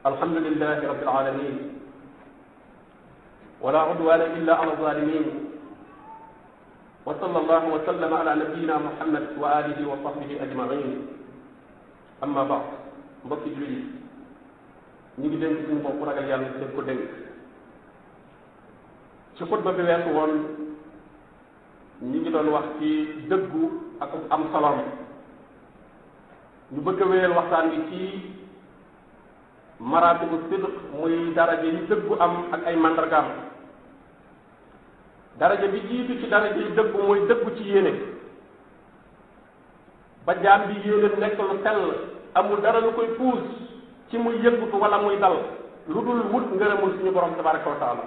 الحمد لله رب العالمين ولا عدوان إلا على الظالمين وصلى الله وسلم على نبينا محمد وآله وصحبه أجمعين أما بعد mbokk yi jullit ñu ngi dénk suñu bopp ragal yàlla def ko dénk ci xutba bi weesu woon ñu ngi doon wax ci dëggu ak am soloom ñu bëgg a wéyal waxtaan bi ci maratibu sidq muy daraja yi dëggu am ak ay mandargaam daraja bi jiitu ci daraja yi dëggu mooy dëggu ci yéene ba jaam bi yéene nekk lu sell amul dara lu koy puus ci muy yëngutu wala muy dal lu dul wut ngërëmul suñu borom tabaraka wa taala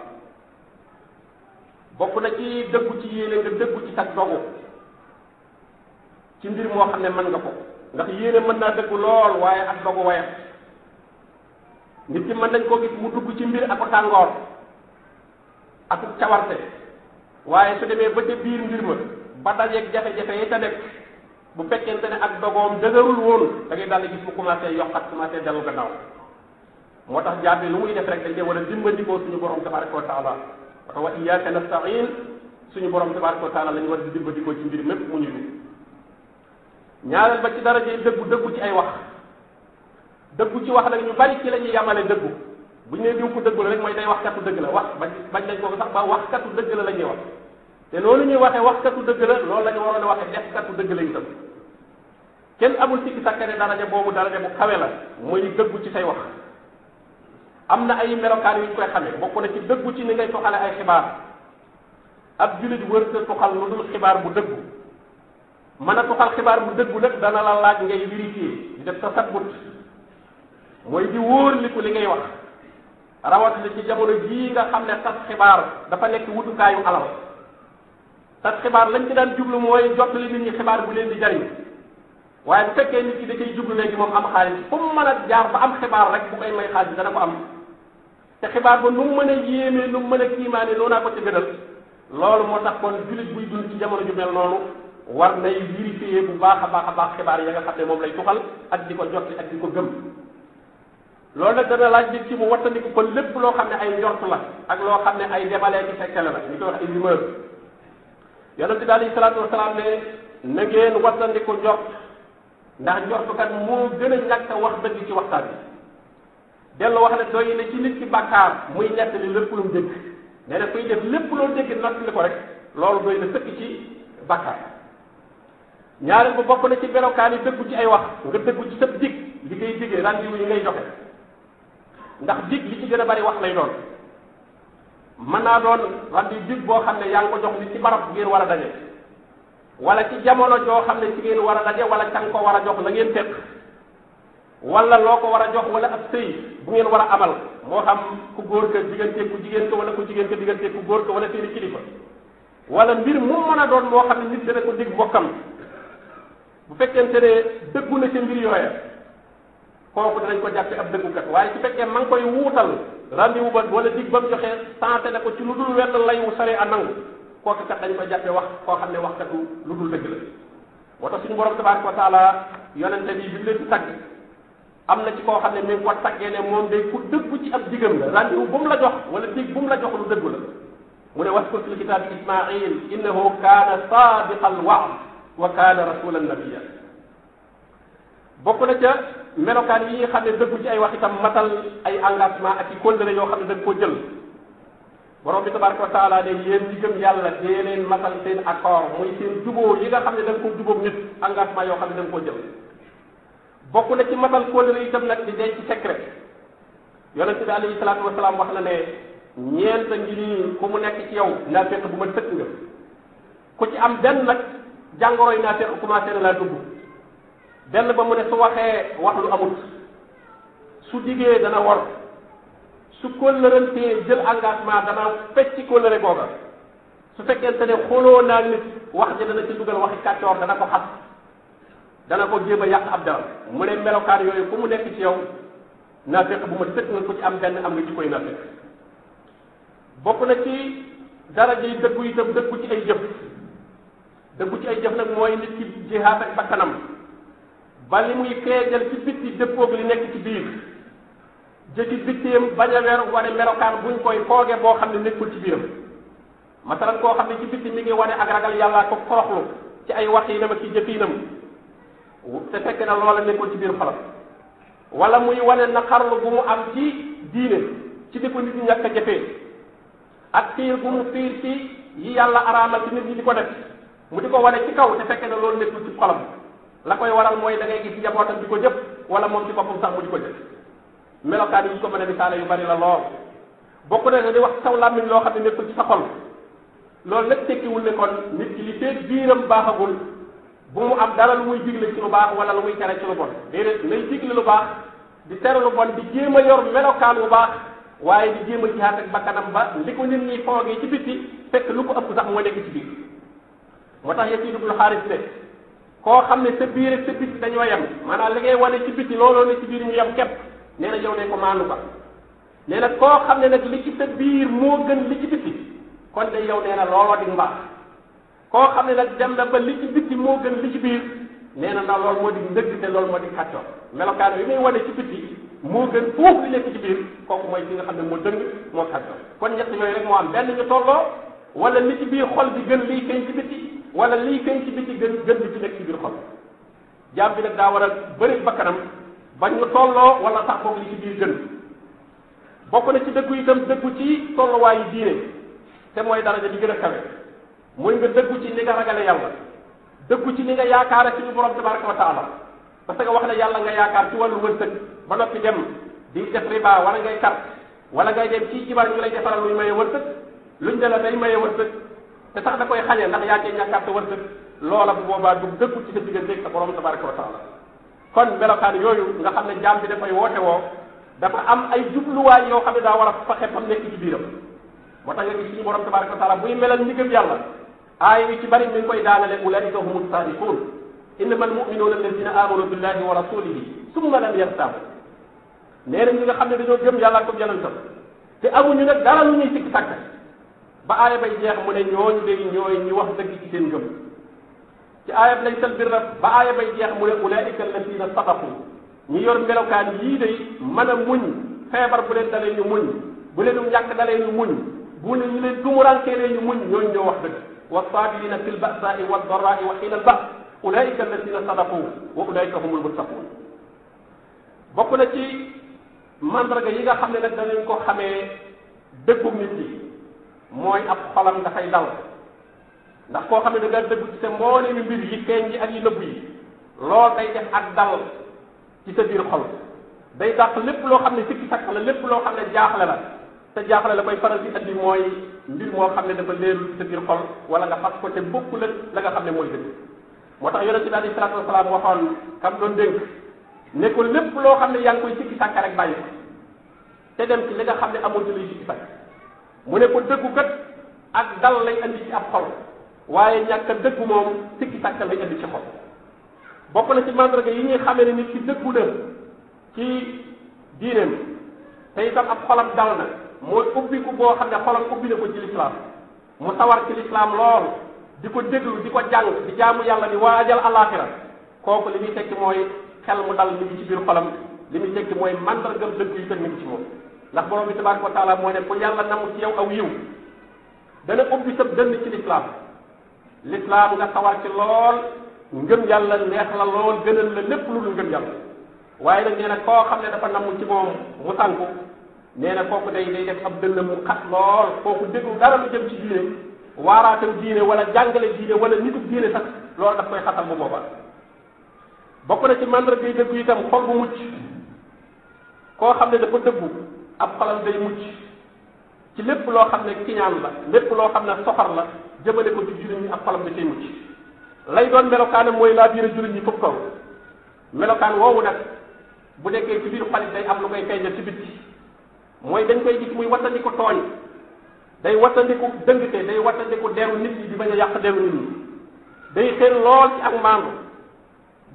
na ci dëggu ci yéene nga dëggu ci sag dogu ci mbir moo xam ne mën nga ko ndax yéene mën naa dëggu lool waaye ak dogu wayat nit ki mën nañ koo gis mu dugg ci mbir aku tàngoor aku cawarte waaye su demee ba ca biir mbir ma ba dajeeg jafe-jafe yi te nekk bu fekkente ne ak dogoom dëgërul woon da ngay daal gis mu yox ak commencé dellu gannaaw moo tax jaam lu muy def rek dañ dee war a dimbandikoo suñu borom tabaraka wa taala wata wa iyyaka nasta'in suñu borom tabaraka wa taala lañ war di dimbandikoo ci mbir mépp mu ñu ñaareel ba ci daraje dëggu dëggu ci ay wax dëggu ci wax nag ñu bari ci la ñuy yamale dëggu bu ñu nee diw ku dëggu la rek mooy day wax katu dëgg la wax bañ bañ nañ ko sax ba wax katu dëgg la la ñuy wax te loolu ñuy waxee wax katu dëgg la loolu la ñu waroon a waxee def katu dëgg la itam kenn amul sikki sàkka ne daraja boobu daraja bu kawe la muy dëggu ci say wax am na ay melokaan yu ñu koy xamee bokk na ci dëggu ci ni ngay toxale ay xibaar ab jullit wër sa toxal lu dul xibaar bu dëggu mën a toxal xibaar bu dëggu nag dana la laaj ngay vérifier di def sa sabut mooy di wóorliku li ngay wax rawatina ci jamono jii nga xam ne tas xibaar dafa nekk wutukaayu alal tas xibaar lañ ci daan jublu mooy jottali nit ñi xibaar bu leen di jariñ waaye bu fekkee nit ki da cay jublu léegi moom am xaalis fu mu mën a jaar ba am xibaar rek bu koy may xaalis dana ko am te xibaar ba nu mu mën a yéemee nu mu mën a kiimaane noonaa ko ci gënal loolu moo tax kon jullit buy dund ci jamono ju mel noonu war nay vérifier bu baax a baax a baax xibaar ya nga moom lay tuxal ak di ko ak di ko gëm loolu nag dana laaj nit ki mu wattandiku ko lépp loo xam ne ay njort la ak loo xam ne ay demalee ci fekkele la ñu koy wax ay rumeur yonent bi alayhi salaatu wasalaam ne na ngeen wattandiku njort ndax njortukat moo gën a ñàkk a wax dëgg ci waxtaan bi dellu wax ne doy na ci nit ki bàkkaar muy ñett li lépp lu mu dégg ne daf koy def lépp loo dégg natt li ko rek loolu doy na ci bàkkaar ñaareel bu bokk na ci berokaan yi dëggu ci ay wax nga dëggu ci sa dig li ngay digee ndax dig li ci gën a bari wax lay doon mën naa doon randi dig boo xam ne yaa ngi ko jox ni ci barab ngeen war a daje wala ci jamono joo xam ne ci ngeen war a daje wala kan ko war a jox la ngeen teg wala loo ko war a jox wala ab sëy bu ngeen war a amal moo xam ku góor ka diggante ku jigéen ka wala ku jigéen ka diggante ku góor ka wala seeni kilifa wala mbir mu mën a doon moo xam ne nit dana ko dig mbokkam bu fekkente ne dëggu na ca mbir yooya kooku danañ ko jàppe ab dëggukat waaye su fekkee ma ngi koy wuutal rendez-vous ba wala dig ba mu joxee santé na ko ci lu dul wenn lay wu sare a nangu kooku kat dañ ko jàppe wax koo xam ne wax waxkatu lu dul dëgg la moo tax suñu borom tabaraka wa taala yonente bi bi mu leen am na ci koo xam ne mi ngi ko taggee ne moom day ku dëggu ci ab digam la rendez bu mu la jox wala dig bu mu la jox lu dëggu la mu ne waskur fil kitaabi ismail innahu kaana sadiqa al wa'd wa kaana rasulan nabiyya bokk na ca melokaan yi nga xam ne dëggu ci ay wax itam matal ay engagement ak i kóllëre yoo xam ne dañ koo jël borom bi tabaraka wa taala ne yéen ñi gëm yàlla dee leen matal seen accord muy seen juboo yi nga xam ne dañ koo jubóog nit engagement yoo xam ne dañ koo jël bokk na ci matal kóllëre itam nag di denc ci secret yonent bi alayhi salaatu wasalaam wax na ne ñeent ngi nii ku mu nekk ci yow naa fekk bu ma tëkk nga ku ci am benn nag jàngoroy naa fekk commencé na laa dugg benn ba mu ne su waxee wax lu amut su diggee dana wor su kóllërantee jël engagement dana fecc kóllëre googa su fekkente ne xoloo naa nit wax ji dana ci dugal waxi kàccoor dana ko xas dana ko jéem a yàq ab dara mu ne melokaan yooyu ku mu nekk ci yow naa fekk bu ma sëkk nga ko ci am benn am nga ci koy naa fekk bokk na ci dara ji dëggu itam dëggu ci ay jëf dëggu ci ay jëf nag mooy nit ki jihaat ak bakkanam ba li muy feejal ci bitti dëppoog li nekk ci biir jëti bittiyam bañ a weer wane melokaan buñ koy fooge boo xam ne nekkul ci biiram masalan koo xam ne ci bitti mi ngi wane ak ragal yàllaa ko xoroxlu ci ay waxinam ak ci jëfinam te fekk na loola nekkul ci biir xolam wala muy wane naqarlu bu mu am ci diine ci di ko nit ñi ñàkk a jëfee ak fiir bu mu fiir ci yi yàlla araamal ci nit ñi di ko def mu di ko wane ci kaw te fekk na loolu nekkul la koy waral mooy dangay ngay jamoo tam di ko jëf wala moom ci boppam sax mu di ko jëf melokaan yi ñu ko mën a misaale yu bari la lool bokk na di wax saw làmmiñ loo xam ne nekkul ci sa xol loolu nag tekkiwul ne kon nit ki li feeg biiram baaxagul bu mu am dara lu muy digle ci lu baax wala lu muy tere ci lu bon déedéet lay digle lu baax di tere lu bon di jéem a yor melokaan bu baax waaye di jéem a jihaat ak bakkanam ba li ko nit ñi foogee ci bitti fekk lu ko ëpp sax moo moo tax yëpp yi dugg lu xaalis ne koo xam ne sa biir ak sa biti dañoo yem maanaa li ngay wane ci biti looloo ne ci biir ñu yem képp nee yow ne ko maandu ba nee koo xam ne nag li ci sa biir moo gën li ci biti kon de yow nee na looloo di mbaax koo xam ne nag dem na ba li ci biti moo gën li ci biir nee na lool loolu moo di ndëgg te loolu moo di kàccoo melokaan bi muy wane ci biti moo gën foofu li nekk ci biir kooku mooy ki nga xam ne moo dëng moo kàccoo kon ñett yooyu rek moo am benn ñu tolloo wala li ci biir xol bi gën liy feeñ ci biti wala liy feeñ ci biti gën gën di ci nekk ci biir xol jaam nag daa war a bëri bakkanam bañ ñu tolloo wala sax boog li ci biir gën bokk na ci dëggu itam dëggu ci tolluwaayu diine te mooy daraja di gën a kawe muy nga dëggu ci ni nga ragale yàlla dëggu ci ni nga yaakaare ci ñu borom tabaraka wa taala parce que wax ne yàlla nga yaakaar ci wàllu wërsëg ba noppi dem di def riba wala ngay kar wala ngay dem ci jibaar ñu lay defaral luñ maye wërsëg luñ de la day maye wërsëg te sax da koy xañee ndax yaa cee ñàkkaat sa wërsëg loola bu boobaa du dëkku ci sa digganteeg sa borom tabaraka wa taala kon melokaan yooyu nga xam ne jaam bi dafay woote woo dafa am ay jubluwaay yoo xam ne daa war a faxe fam nekk ci biiram moo tax nga gis suñu borom tabaraka wa taala buy melal ñi yàlla aay yu ci bari mi koy daanale ulaika humu saadiquun innama almuminuuna alladina amanu billahi wa rasulihi summa lam yartaabu nga xam ne dañoo gëm yàlla ak ko yonentam te amuñu nag dara lu ñuy sikki ba aaya bay jeex mu ne ñooñu day ñooy ñi wax dëgg ci seen ngëm ci aaya bi laysal birra ba aaya bay jeex mu ne ulaika alladina sadaqu ñi yor melokaan yii day mën a muñ feebar bu leen dalee ñu muñ bu leenum ñàkk dalee ñu muñ bu ne ñu leen tumuraankeelee ñu muñ ñooñu ñoo wax dëgg wassaabirina fi lbasai waddarai wa xiina albas ulaika alladina sadaqu wa ulaika humul muttaqun bokk na ci mandarga yi nga xam ne nag danañ ko xamee dëggum nit yi mooy ab xolam dafay dal ndax koo xam ne da nga dëgg ci sa mboolemi mbir yi feeñ yi ak yi nëbb yi loolu day def ak dal ci sa biir xol day dàq lépp loo xam ne sikki sakk la lépp loo xam ne jaaxle la te jaaxle la koy faral di andi mooy mbir moo xam ne dafa leerul ci sa biir xol wala nga fas ko te bokku la la nga xam ne mooy dëgg moo tax yonente bi alayhi salaatu wasalaam waxoon kam doon dénk ne ko lépp loo xam ne yaa ngi koy sikki sàkk rek bàyyi ko te li nga xam ne amul ci luy sikki sàkk mu ne ko dëggu kat ak dal lay andi ci ab xol waaye ñàkk a dëggu moom sikki sàkka lay andi ci xol bokk na ci mandarga yi ñuy xamee ne nit ki dëggu na ci diineem te itam ab xolam dal na mooy ubbiku boo xam ne xolam ubbi na ko ci lislaam mu sawar ci lislaam lool di ko déglu di ko jàng di jaamu yàlla di waajal alaxira kooku li muy tekki mooy xel mu dal mi ngi ci biir xolam li muy tekki mooy mandargam dëgg yi te mi ngi ci moom ndax borom bi tabaraka wa taala moo ne ku yàlla namu ci yow aw yiw dana ubbi sa dënn ci lislaam lislaam nga xawar ci lool ngëm yàlla neex la lool gënal la lépp lu dul ngëm yàlla waaye nag nee na koo xam ne dafa namm ci moom mu sànku nee na kooku day day def ab dënnam mu xat lool kooku déglu dara lu jëm ci diine waaraatam diine wala jàngale diine wala nitu diine sax loolu dafa koy xatal bu booba bokk na ci mandarga yi dëggu itam xol bu mucc koo xam ne dafa dëggu ab xolam day mucc ci lépp loo xam ne kiñaan la lépp loo xam ne soxar la jëmale ko ci jullit ñi ab xolam da cay mucc lay doon melokaanam mooy laa biir jullit ñi foofu kaw melokaan woowu nag bu nekkee ci biir xol day am lu koy feeñal ci bitti mooy dañ koy gis muy wattandiku tooñ day wattandiku dëngte day wattandiku deru nit ñi bi ba a yàq deru nit ñi day xër lool ci ak maandu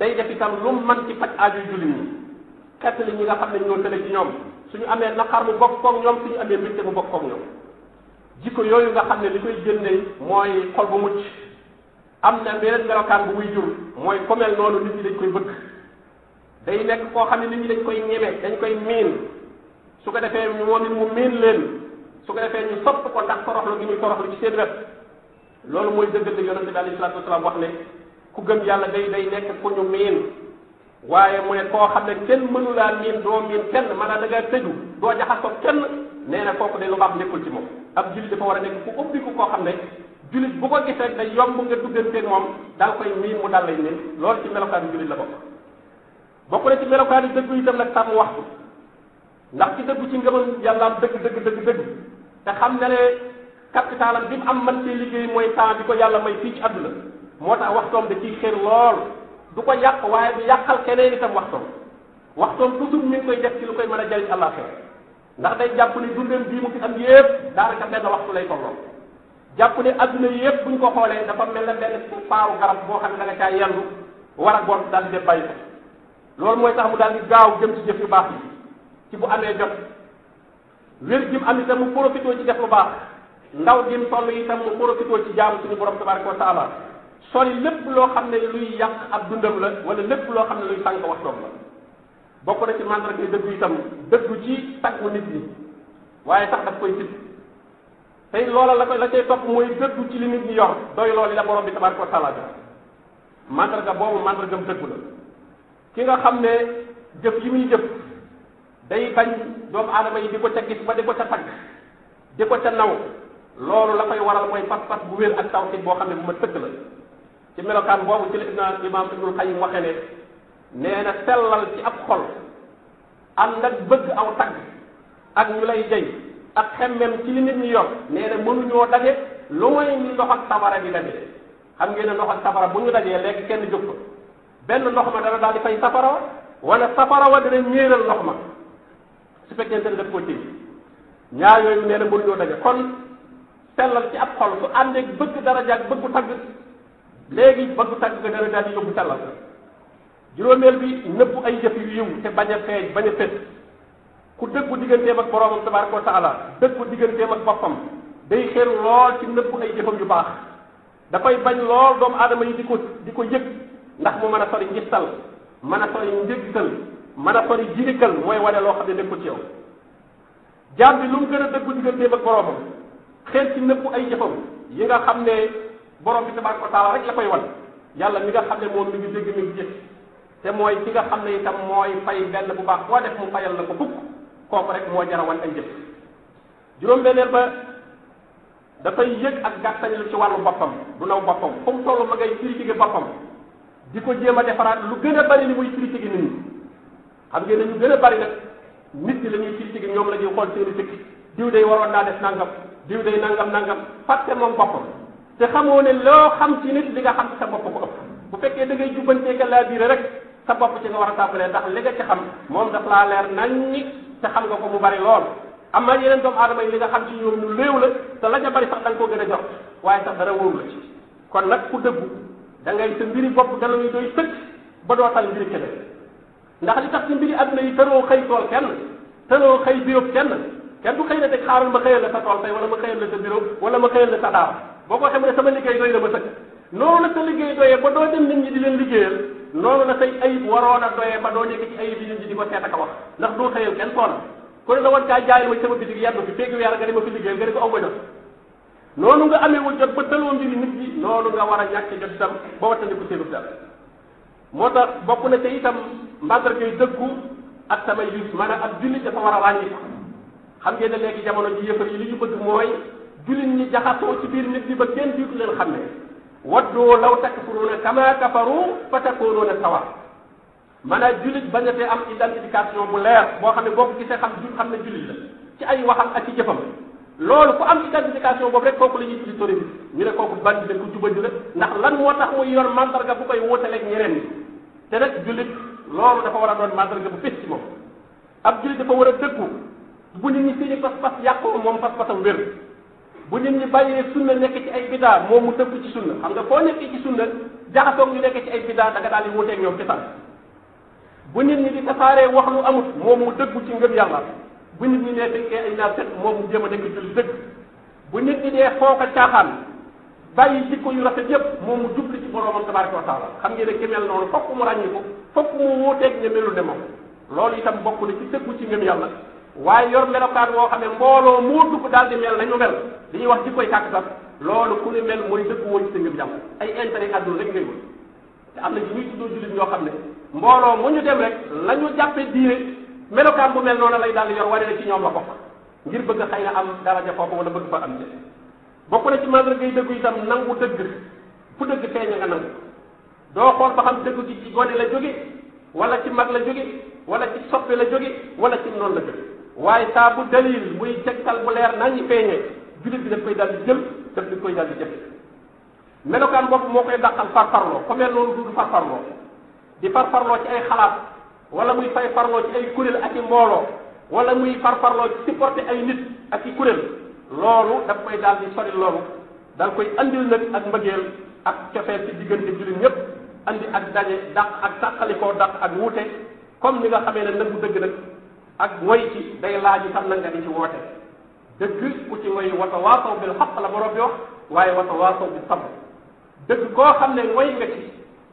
day def itam lu man ci faj aajo jullit ñi xett li ñi nga xam ne ñoo tële su ñu amee naqar mu bokk kook ñoom suñu amee mbégte mu bokk koog ñoom jikko yooyu nga xam ne li koy génne mooy xol bu mucc am na beneen melokaan bu muy jur mooy ku mel noonu nit ñi dañ koy bëgg day nekk koo xam ne nit ñi dañ koy ñeme dañ koy miin su ko defee moom it mu miin leen su ko defee ñu sopp ko ndax toroxlu gi ñuy toroxlu ci seen wet loolu mooy dëggal yonente bi alayhi salaatu wasalaam wax ne ku gën yàlla day day nekk ku ñu miin waaye mu ne koo xam ne kenn mënu laa miin doo miin kenn maanaam da ngaa tëju doo jaxasoo kenn nee na kooku de lu baax nekkul ci moom ab jullit dafa war a nekk ku ubbiku koo xam ne jullit bu ko gisee da yomb nga dugganteeg moom daal koy miin mu dal lay miin loolu ci melokaanu jullit la bokk bokk na ci melokaanu dëggu itam nag sàmm waxtu ndax ci dëggu ci ngëmam yàllaam dëgg dëgg dëgg dëgg te xam na ne capitalam bi mu am man ci liggéey mooy temps bi ko yàlla may fii ci àdduna moo tax waxtoom da ciy du ko yàq waaye bi yàqal keneen itam waxtoom waxtoom toujours mi ngi koy def ci lu koy mën a jariñ àllaaxira ndax day jàpp ne dundam bii mu fi am yépp daanaka benn waxtu lay tolloo jàpp ne adduna yépp buñ ko xoolee dafa mel ne benn paaru garab boo xam ne da nga caa yendu war a gont daal di bàyyi ko loolu mooy tax mu daal di gaaw jëm ci jëf yu baax yi ci bu amee jot wér gi mu am itam mu profité ci def lu baax ndaw gi mu toll itam mu profité ci jaamu suñu borom tabaraka wa taala sori lépp loo xam ne luy yàq ak dundam la wala lépp loo xam ne luy sànq waxtoom la bokk na ci mandarga yi dëggu tam dëggu ci taggu nit ñi waaye sax daf koy sit tey loola la koy la cay topp mooy dëggu ci li nit ñi yor doy loolu la borom bi tabaraka wa taala mandarga boobu mandargam dëggu la ki nga xam ne jëf yi muy jëf day bañ doomu aadama yi di ko ca gis ba di ko ca tagg di ko ca naw loolu la koy waral mooy pas-pas bu wér ak tawxid boo xam ne bu ma tëgg la ci melo melokaan boobu ci la imaam ñu xayim waxe ne nee na sellal ci ab xol am nag bëgg aw tagg ak ñu lay jay ak xemmem ci li nit ñi yor nee na mënuñoo daje lu mooy ni ndox ak safara bi daje xam ngeen ne ndox ak safara bu ñu dajee lekk kenn jóg ko benn ndox ma dana daal di fay safara wa wala safara wa dina ñéeral ndox ma su fekkente ne daf ko tëj ñaar yooyu nee na mënuñoo daje kon sellal ci ab xol su àndeeg bëgg daraja ak bëggu tagg léegi bëgg tàgg nga dara daal di yóbbu tàllal juróomeel bi nëbbu ay jëf yu yiw te bañ a feeñ bañ a fés ku dëggu digganteem ak boroomam tabaraka wa taala dëggu digganteem ak boppam day xéeru lool ci nëbbu ay jëfam yu baax dafay bañ lool doomu adama yi di ko di ko yëg ndax mu mën a sori ngistal mën a sori njëgtal mën a sori jirikal mooy wane loo xam ne nekkul ci yow jaam bi lu mu gën a dëggu digganteem ak boroomam xeer ci nëbbu ay jëfam yi nga xam ne borom bi tabaraka wa taala rek la koy wan yàlla mi nga xam ne moom mi ngi dégg mi ngi gis te mooy ki nga xam ne itam mooy fay benn bu baax boo def mu fayal la ko fukk kooku rek moo jar a ay jëf juróom beneen ba dafay yëg ak gàttañ lu ci wàllu boppam du naw boppam fu mu toll ma ngay critiquer boppam di ko jéem a defaraat lu gën a bari li muy critiquer nit ñi xam ngeen ne ñu gën a bari nag nit ñi la ñuy critiquer ñoom la ñuy xool seeni sikk diw day waroon def nangam diw day nangam nangam fàtte moom boppam te xamoo ne loo xam ci nit li nga xam ci sa bopp ko ëpp bu fekkee da ngay jubbantee ka laa biire rek sa bopp ci nga war a tàmbalee ndax li nga ci xam moom daf laa leer nañ te xam nga ko mu bari lool am na yeneen doomu aadama yi li nga xam ci ñoom lu léew la te la ca bari sax da koo gën a jox waaye sax dara wóoru la ci kon nag ku dëggu da ngay sa mbiri bopp dala ñuy doy ba doo tal mbiri kenn ndax li tax ci mbiri adduna yi tëroo xëy tool kenn tëroo xëy biroog kenn kenn du xëy na teg xaaral ma xëyal la sa tool tey ma wala ma xëyal la boo ko waxee mu sama liggéey doy na ma sëkk noonu la sa liggéey doyee ba doo dem nit ñi di leen liggéeyal noonu la say ayib waroon a doyee ba doo nekk ci ayib yi nit ñi di ko seet ak a wax ndax doo xëyal kenn soona ku ne la woon kaa jaayal ma sama bitig yenn fi féegi weer nga nga di ko aw nga amee wu jot ba daloo mbiri nit ñi noonu nga war a ñàkk jot itam ba moo tax bokk na te itam màndargay dëggu ak samay yus maanaam ak jullit dafa war a wàññi xam ngeen ne léegi jamono ji yëfar yi li ñu bëgg mooy jullit ñi jaxasoo ci biir nit ñi ba kenn diitu leen xam ne waddoo law takfuruuna kama kafaru fa takoonuna sawa maanaam jullit bañ a tee am identification bu leer boo xam ne boo ko gisee xam ju xam ne jullit la ci ay waxam ak ci jëfam loolu ku am identification boobu rek kooku la ñuy tuddi terroriste ñu ne kooku bandi la ku jubandi la ndax lan moo tax muy yor mandarga bu koy wóotaleeg ñeneen ñi te nag jullit loolu dafa war a doon mandarga bu fés ci moom ab jullit dafa war a dëkku bu nit ñi seeni pas moom pas-pasam bu nit ñi bàyyee sunna nekk ci ay bidaa moom mu dëpp ci sunna xam nga foo nekkee ci sunna jaxasoog ñu nekk ci ay bidaa da nga daal di wuuteeg ñoom ci bu nit ñi di tasaaree wax lu amut moom mu dëggu ci ngëm yàlla bu nit ñi nee fekkee ay naa set moom mu jéem a nekk ci dëgg bu nit ñi dee foo ko bàyyi jikko yu rafet yépp moom mu jubli ci boroomam tabaraka wa taala xam ngeen ne ki mel noonu fokk mu ràññi ko fokk mu wuuteeg ñu melul ne loolu itam bokk na ci dëggu ci ngëm yàlla waaye yor melokaan woo xam ne mbooloo moo dugg daal di mel nañu mel li ñuy wax jikkoy kàkk sax loolu ku ne mel mooy dëkk woo ci sa ngëm jàmm ay intérêt àdduna rek ngay wut te am na ci ñuy tuddoo jullit ñoo xam ne mbooloo mu ñu dem rek la ñu jàppe diine melokaan bu mel noonu lay daal yor wane na ci ñoom la bokk ngir bëgg xay na am daraja foofu wala bëgg fa am jëf bokk na ci mandarga yi dëggu itam nangu dëgg fu dëgg feeñ nga nangu doo xool ba xam dëgg gi ci gone la jóge wala ci mag la jóge wala ci soppe la jóge wala ci noonu la jóge waaye saa bu dalil muy tegtal bu leer nañu feeñee jullit bi daf koy daal di jël daf di koy daal di jëf melokaan boobu moo koy dàqal farfarloo ku mel noonu du farfarloo di farfarloo ci ay xalaat wala muy fay farloo ci ay kuréel ak i mbooloo wala muy farfarloo ci supporter ay nit ak i kuréel loolu daf koy daal di sori loolu dal koy andil nag ak mbëggeel ak cofeel ci diggante jullit ñëpp andi ak daje daq ak sàqalikoo dàq ak wuute comme ni nga xamee ne nag bu dëgg nag ak moy ci day laaj yi sax na nga di ci woote dëgg ku ci mooy watawaasaw bil xaq la borom bi wax waaye watawaasaw bi sabr dëgg koo xam ne mooy nga ci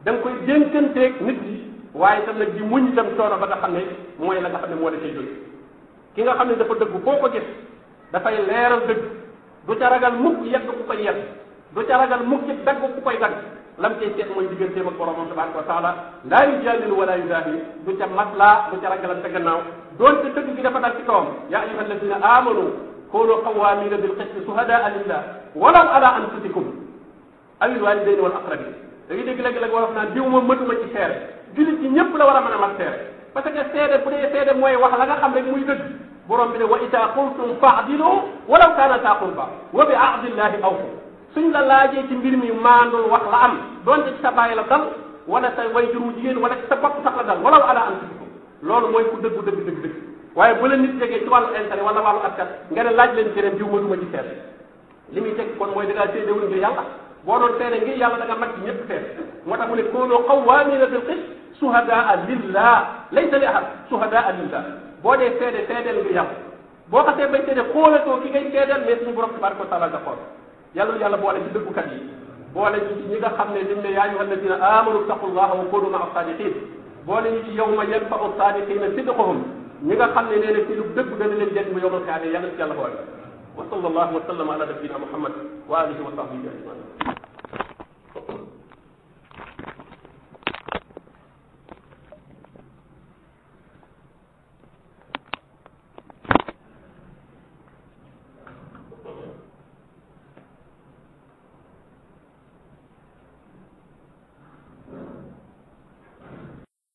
da nga koy dénkanteeg nit yi waaye itam nag di muñ itam coono ba nga xam ne mooy la nga xam ne moo la cay jóge ki nga xam ne dafa dëgg foo ko gis dafay leeral dëgg du ca ragal mukk yegg ku koy yegg du ca ragal mukk ci dagg ku koy dagg lam cay seet mooy digganteem ak boromam tabaraka wa taala laa yujaadil wala yudaahi du ca maslaa du ca ragalante gannaaw doonte dëgg gi dafa dal ci kawam yaa ayyuha alladina amanu كونوا قوامين بالقسط شهداء لله ولو على أنفسكم أو الوالدين والأقربين da ngay dégg léeg-léeg wolof naan diw moom mëtuma ci seere jullit yi ñëpp la war a mën a mat seere parce que seede bu dee seede mooy wax la nga xam rek muy dëgg borom bi ne wa ida qultum faadilu walaw kaana saa qurba wa bi ahdillahi awfu suñ la laajee ci mbir mi maandul wax la am donte ci sa bàyyi la dal wala sa way juru jigéen wala ci sa bopp sax la dal walaw ala anfusikum loolu mooy ku dëggu dëgg dëgg dëgg waaye bu la nit tegee ci wàllu intérêt wala wàllu askan nga ne laaj leen keneen diw mënuma ci seet li muy teg kon mooy da ngaa seedewul ngir yàlla boo doon seede ngir yàlla da nga mag ci ñëpp seet moo tax mu ne koonoo qawwaamina bil qist suhadaa lillah laysa li ahad suhadaa lillah boo dee seede seedeel ngir yàlla boo xasee bay seede xoolatoo ki ngay seedeel mais suñu borom tabaraka wa taala nga xool yàlla yàlla boole ci dëggukat yi boole ñu ci ñi nga xam ne lim ne yaa ayyuha alladina amanu taqullaha wa kunu maa sadiqin boole ñu ci yawma yanfau sadiqina sidquhum ñi nga xam ne nee na ci lu dëgg dana leen jënd mu yomal xaar yàlla ci yàlla boole wa sallallahu wa sallam ala nabiyina muhammad wa alihi wa sahbihi ajmain